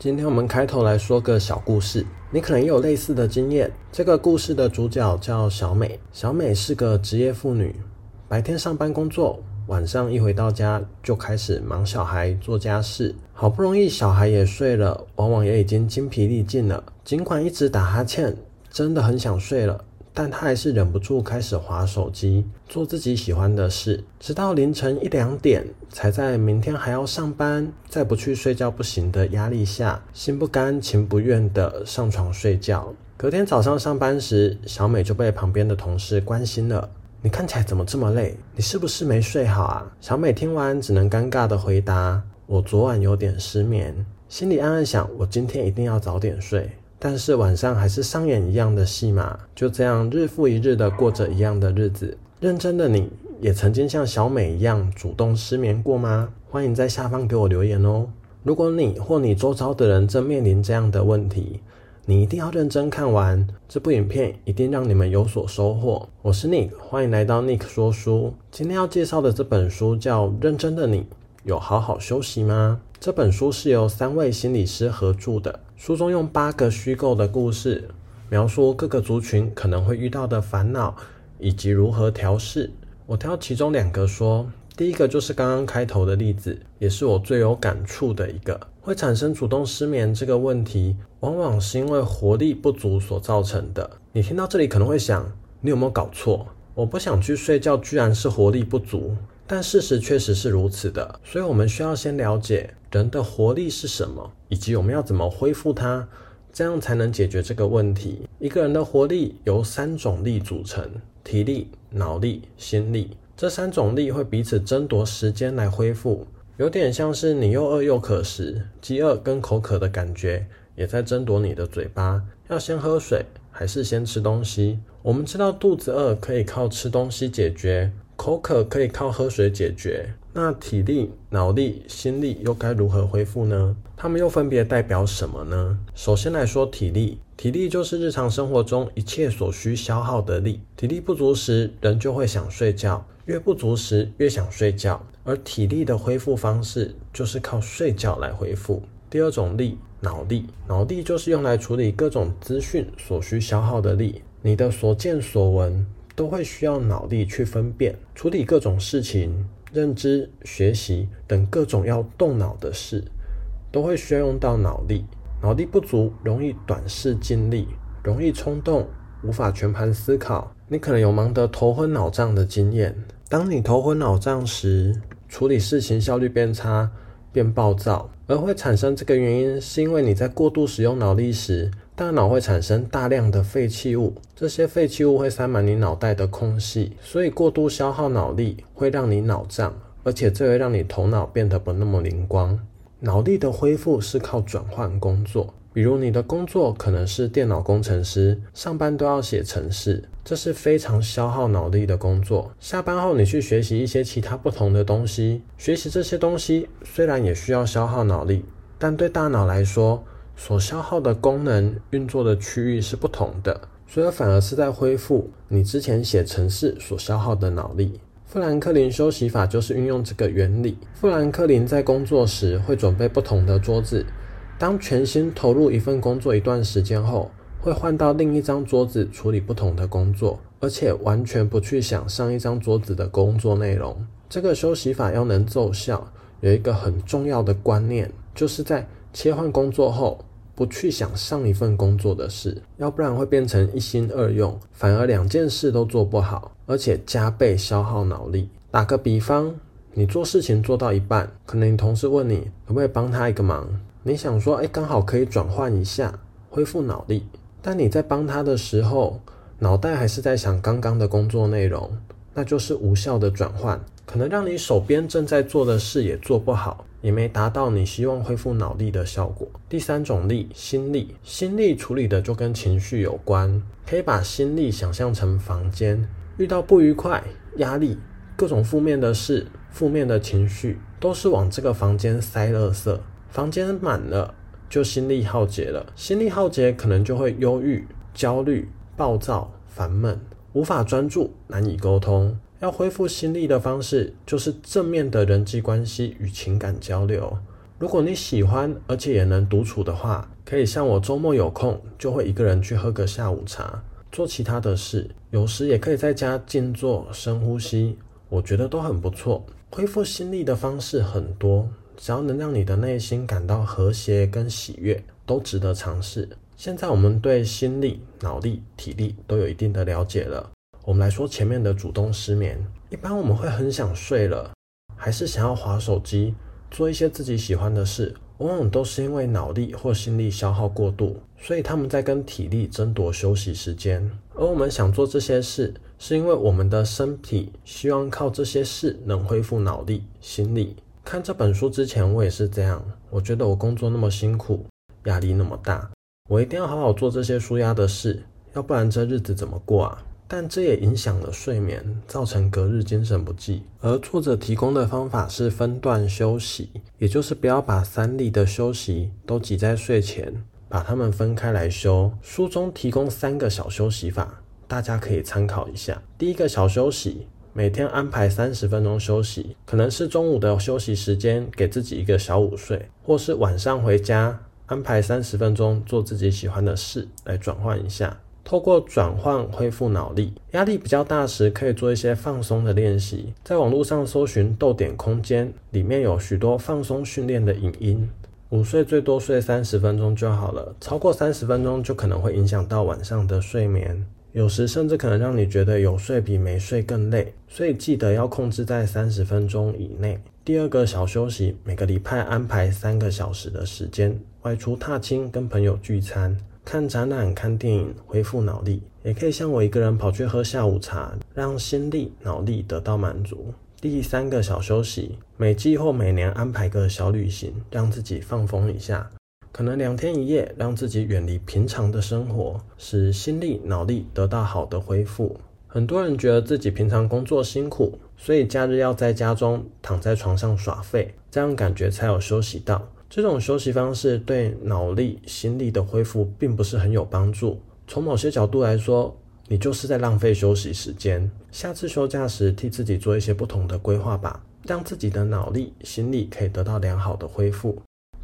今天我們開頭來說個小故事，你可能也有類似的經驗。這個故事的主角叫小美，小美是個職業婦女，白天上班工作，晚上一回到家就開始忙小孩做家事，好不容易小孩也睡了，往往也已經筋疲力盡了，儘管一直打哈欠，真的很想睡了。但她還是忍不住開始划手機，做自己喜歡的事，直到凌晨一兩點，才在明天還要上班，再不去睡覺不行的壓力下，心不甘情不願地上床睡覺。隔天早上上班時，小美就被旁邊的同事關心了：“你看起來怎麼這麼累？你是不是沒睡好啊？”小美聽完，只能尷尬地回答：“我昨晚有點失眠。”心裡暗暗想：“我今天一定要早點睡。”但是晚上還是上演一樣的戲碼，就這樣日復一日的過着一樣的日子。認真的你，也曾經像小美一樣主動失眠過嗎？歡迎在下方給我留言哦。如果你或你周遭的人正面臨這樣的問題，你一定要認真看完這部影片，一定讓你們有所收穫。我是 Nick，歡迎來到 Nick 說書。今天要介紹的這本書叫《認真的你有好好休息嗎？》這本書是由三位心理師合著的。書中用八個虛構的故事，描述各個族群可能會遇到的煩惱，以及如何調適。我挑其中兩個說，第一個就是剛剛開頭的例子，也是我最有感觸的一個。會產生主動失眠這個問題，往往是因為活力不足所造成的。你聽到這裡可能會想，你有沒有搞錯？我不想去睡覺，居然是活力不足？但事實確實是如此的，所以我們需要先了解。人的活力是什麼，以及我們要怎麼恢復它，這樣才能解決這個問題。一個人的活力由三種力組成：體力、腦力、心力。這三種力會彼此爭奪時間來恢復，有點像是你又餓又渴時，飢餓跟口渴的感覺也在爭奪你的嘴巴，要先喝水還是先吃東西？我們知道肚子餓可以靠吃東西解決，口渴可以靠喝水解決。那體力、腦力、心力又該如何恢復呢？它們又分別代表什麼呢？首先來說體力，體力就是日常生活中一切所需消耗的力。體力不足時，人就會想睡覺；越不足時，越想睡覺。而體力的恢復方式就是靠睡覺來恢復。第二種力，腦力，腦力就是用來處理各種資訊所需消耗的力。你的所見所聞都會需要腦力去分辨、處理各種事情。認知、學習等各種要動腦的事，都會需要用到腦力。腦力不足，容易短視近利，容易衝動，無法全盤思考。你可能有忙得頭昏腦脹的經驗。當你頭昏腦脹時，處理事情效率變差，變暴躁，而會產生這個原因，是因為你在過度使用腦力時。大腦會產生大量的廢棄物，這些廢棄物會塞滿你腦袋的空隙，所以過度消耗腦力會讓你腦脹，而且這會讓你頭腦變得不那麼靈光。腦力的恢復是靠轉換工作，比如你的工作可能是電腦工程師，上班都要寫程式，這是非常消耗腦力的工作。下班後你去學習一些其他不同的東西，學習這些東西雖然也需要消耗腦力，但對大腦來說。所消耗的功能運作的區域是不同的，所以反而是在恢復你之前寫程式所消耗的腦力。富蘭克林休息法就是運用這個原理。富蘭克林在工作時會準備不同的桌子，當全心投入一份工作一段時間後，會換到另一張桌子處理不同的工作，而且完全不去想上一張桌子的工作內容。這個休息法要能奏效，有一個很重要的觀念，就是在切換工作後。不去想上一份工作的事，要不然會變成一心二用，反而兩件事都做不好，而且加倍消耗腦力。打個比方，你做事情做到一半，可能你同事問你，可不可以幫他一個忙？你想說，哎，剛好可以轉換一下，恢復腦力。但你在幫他的時候，腦袋還是在想剛剛的工作內容，那就是無效的轉換，可能讓你手邊正在做的事也做不好。也沒達到你希望恢復腦力的效果。第三種力，心力。心力處理的就跟情緒有關，可以把心力想象成房間，遇到不愉快、壓力、各種負面的事、負面的情緒，都是往這個房間塞垃圾。房間滿了，就心力耗竭了。心力耗竭可能就會憂鬱、焦慮、暴躁、煩悶，無法專注，難以溝通。要恢復心力的方式，就是正面的人際關係與情感交流。如果你喜歡，而且也能獨處的話，可以像我周末有空，就會一個人去喝個下午茶，做其他的事。有時也可以在家靜坐、深呼吸，我覺得都很不錯。恢復心力的方式很多，只要能讓你的內心感到和諧跟喜悅，都值得嘗試。現在我們對心力、腦力、體力都有一定的了解了。我們來說前面的主動失眠，一般我們會很想睡了，還是想要滑手機，做一些自己喜歡的事，往往都是因為腦力或心力消耗過度，所以他們在跟體力爭奪休息時間。而我們想做這些事，是因為我們的身體希望靠這些事能恢復腦力、心力。看這本書之前，我也是這樣，我覺得我工作那麼辛苦，壓力那麼大，我一定要好好做這些舒壓的事，要不然這日子怎麼過啊？但這也影響了睡眠，造成隔日精神不濟。而作者提供的方法是分段休息，也就是不要把三例的休息都擠在睡前，把它們分開來休。書中提供三個小休息法，大家可以參考一下。第一個小休息，每天安排三十分鐘休息，可能是中午的休息時間，給自己一個小午睡，或是晚上回家安排三十分鐘做自己喜歡的事來轉換一下。透過轉換恢復腦力，壓力比較大時，可以做一些放鬆的練習。在網絡上搜尋“逗點空間”，裡面有許多放鬆訓練的影音。午睡最多睡三十分鐘就好了，超過三十分鐘就可能會影響到晚上的睡眠，有時甚至可能讓你覺得有睡比沒睡更累，所以記得要控制在三十分鐘以內。第二個小休息，每個禮拜安排三個小時的時間，外出踏青，跟朋友聚餐。看展覽、看電影，恢復腦力，也可以像我一個人跑去喝下午茶，讓心力、腦力得到滿足。第三個小休息，每季或每年安排個小旅行，讓自己放風一下，可能兩天一夜，讓自己遠離平常的生活，使心力、腦力得到好的恢復。很多人覺得自己平常工作辛苦，所以假日要在家中躺在床上耍廢，這樣感覺才有休息到。這種休息方式對腦力、心力的恢復並不是很有幫助。從某些角度來說，你就是在浪費休息時間。下次休假時，替自己做一些不同的規劃吧，讓自己的腦力、心力可以得到良好的恢復。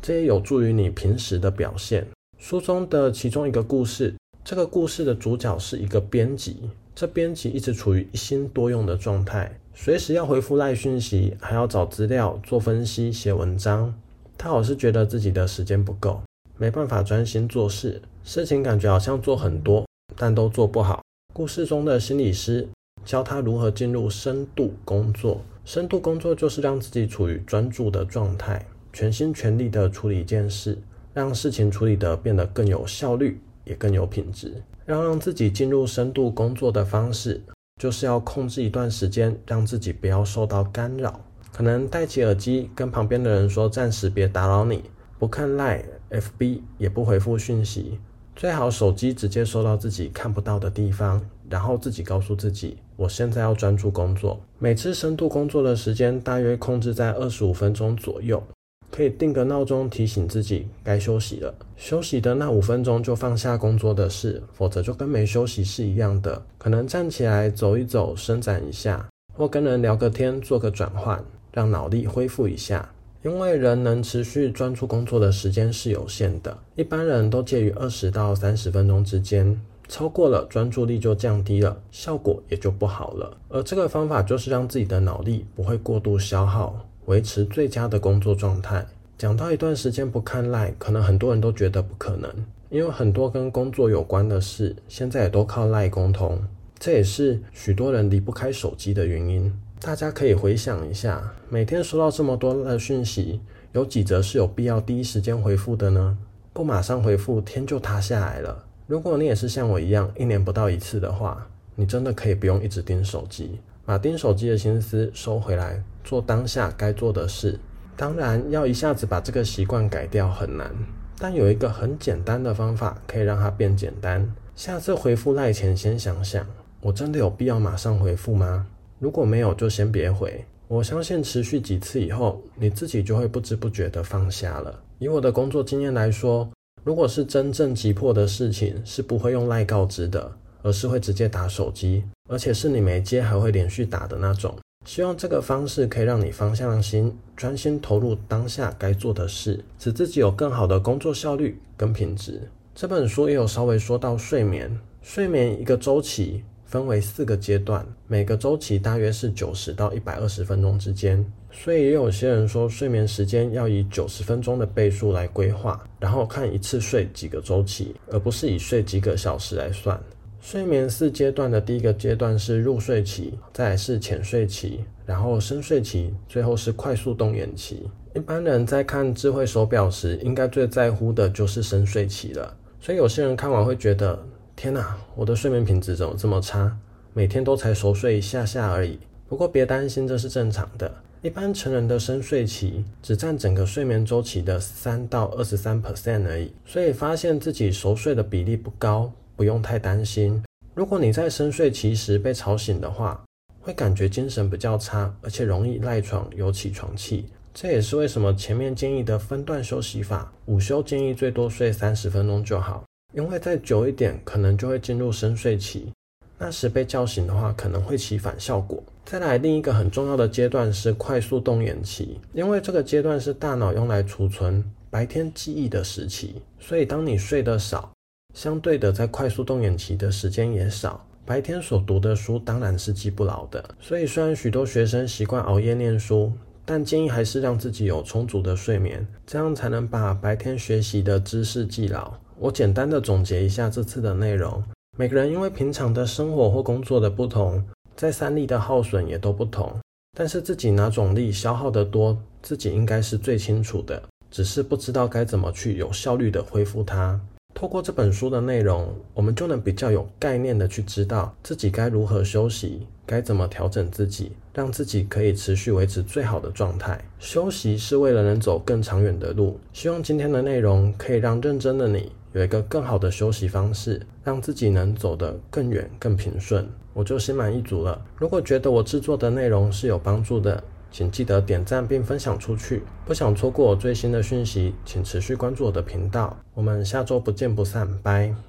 這也有助於你平時的表現。書中的其中一個故事，這個故事的主角是一個編輯。這編輯一直處於一心多用的狀態，隨時要回復賴訊息，還要找資料、做分析、寫文章。他老是覺得自己的時間不夠，沒辦法專心做事，事情感覺好像做很多，但都做不好。故事中的心理師教他如何進入深度工作。深度工作就是讓自己處於專注的狀態，全心全力地處理一件事，讓事情處理得變得更有效率，也更有品質。要讓自己進入深度工作的方式，就是要控制一段時間，讓自己不要受到干擾。可能戴起耳機，跟旁邊的人說：“暫時別打擾你，不看 Line、FB，也不回復訊息。最好手機直接收到自己看不到的地方，然後自己告訴自己：我現在要專注工作。每次深度工作的時間大約控制在二十五分鐘左右，可以定個鬧鐘提醒自己該休息了。休息的那五分鐘就放下工作的事，否則就跟沒休息是一樣的。可能站起來走一走，伸展一下，或跟人聊個天，做個轉換。”讓腦力恢復一下，因為人能持續專注工作的時間是有限的，一般人都介於二十到三十分鐘之間，超過了專注力就降低了，效果也就不好了。而這個方法就是讓自己的腦力不會過度消耗，維持最佳的工作狀態。講到一段時間不看 LINE，可能很多人都覺得不可能，因為很多跟工作有關的事，現在也都靠 LINE 溝通，這也是許多人離不開手機的原因。大家可以回想一下，每天收到這麼多的訊息，有幾則是有必要第一時間回復的呢？不馬上回復，天就塌下來了。如果你也是像我一樣一年不到一次的話，你真的可以不用一直盯手機，把盯手機的心思收回來，做當下該做的事。當然，要一下子把這個習慣改掉很難，但有一個很簡單的方法可以讓它變簡單。下次回復賴前，先想想，我真的有必要馬上回復嗎？如果沒有，就先別回。我相信持續幾次以後，你自己就會不知不覺的放下了。以我的工作經驗來說，如果是真正急迫的事情，是不會用 LINE 告知的，而是會直接打手機，而且是你沒接還會連續打的那種。希望這個方式可以讓你放下心，專心投入當下該做的事，使自己有更好的工作效率跟品質。這本書也有稍微說到睡眠，睡眠一個週期。分為四個階段，每個週期大約是九十到一百二十分鐘之間，所以也有些人說睡眠時間要以九十分鐘的倍數來規劃，然後看一次睡幾個週期，而不是以睡幾個小時來算。睡眠四階段的第一個階段是入睡期，再來是淺睡期，然後深睡期，最後是快速動眼期。一般人在看智慧手錶時，應該最在乎的就是深睡期了，所以有些人看完會覺得。天吶，我的睡眠品質怎麼這麼差？每天都才熟睡一下下而已。不過別擔心，這是正常的。一般成人的深睡期只佔整個睡眠周期的三到二十三 percent 而已，所以發現自己熟睡的比例不高，不用太擔心。如果你在深睡期時被吵醒的話，會感覺精神比較差，而且容易賴床，有起床氣。這也是為什麼前面建議的分段休息法，午休建議最多睡三十分鐘就好。因為再久一點，可能就會進入深睡期，那時被叫醒的話，可能會起反效果。再來另一個很重要的階段是快速動眼期，因為這個階段是大腦用來儲存白天記憶的時期，所以當你睡得少，相對的在快速動眼期的時間也少，白天所讀的書當然是記不牢的。所以雖然許多學生習慣熬夜念書，但建議還是讓自己有充足的睡眠，這樣才能把白天學習的知識記牢。我簡單的總結一下這次的內容。每個人因為平常的生活或工作的不同，在三力的耗損也都不同。但是自己哪種力消耗得多，自己應該是最清楚的，只是不知道該怎麼去有效率的恢復它。透過這本書的內容，我們就能比較有概念的去知道自己該如何休息，該怎麼調整自己，讓自己可以持續維持最好的狀態。休息是為了能走更長遠的路。希望今天的內容可以讓認真的你有一個更好的休息方式，讓自己能走得更遠、更平順，我就心滿意足了。如果覺得我制作的內容是有幫助的，請記得點贊並分享出去。不想錯過我最新的訊息，請持續關注我的頻道。我們下周不見不散，拜。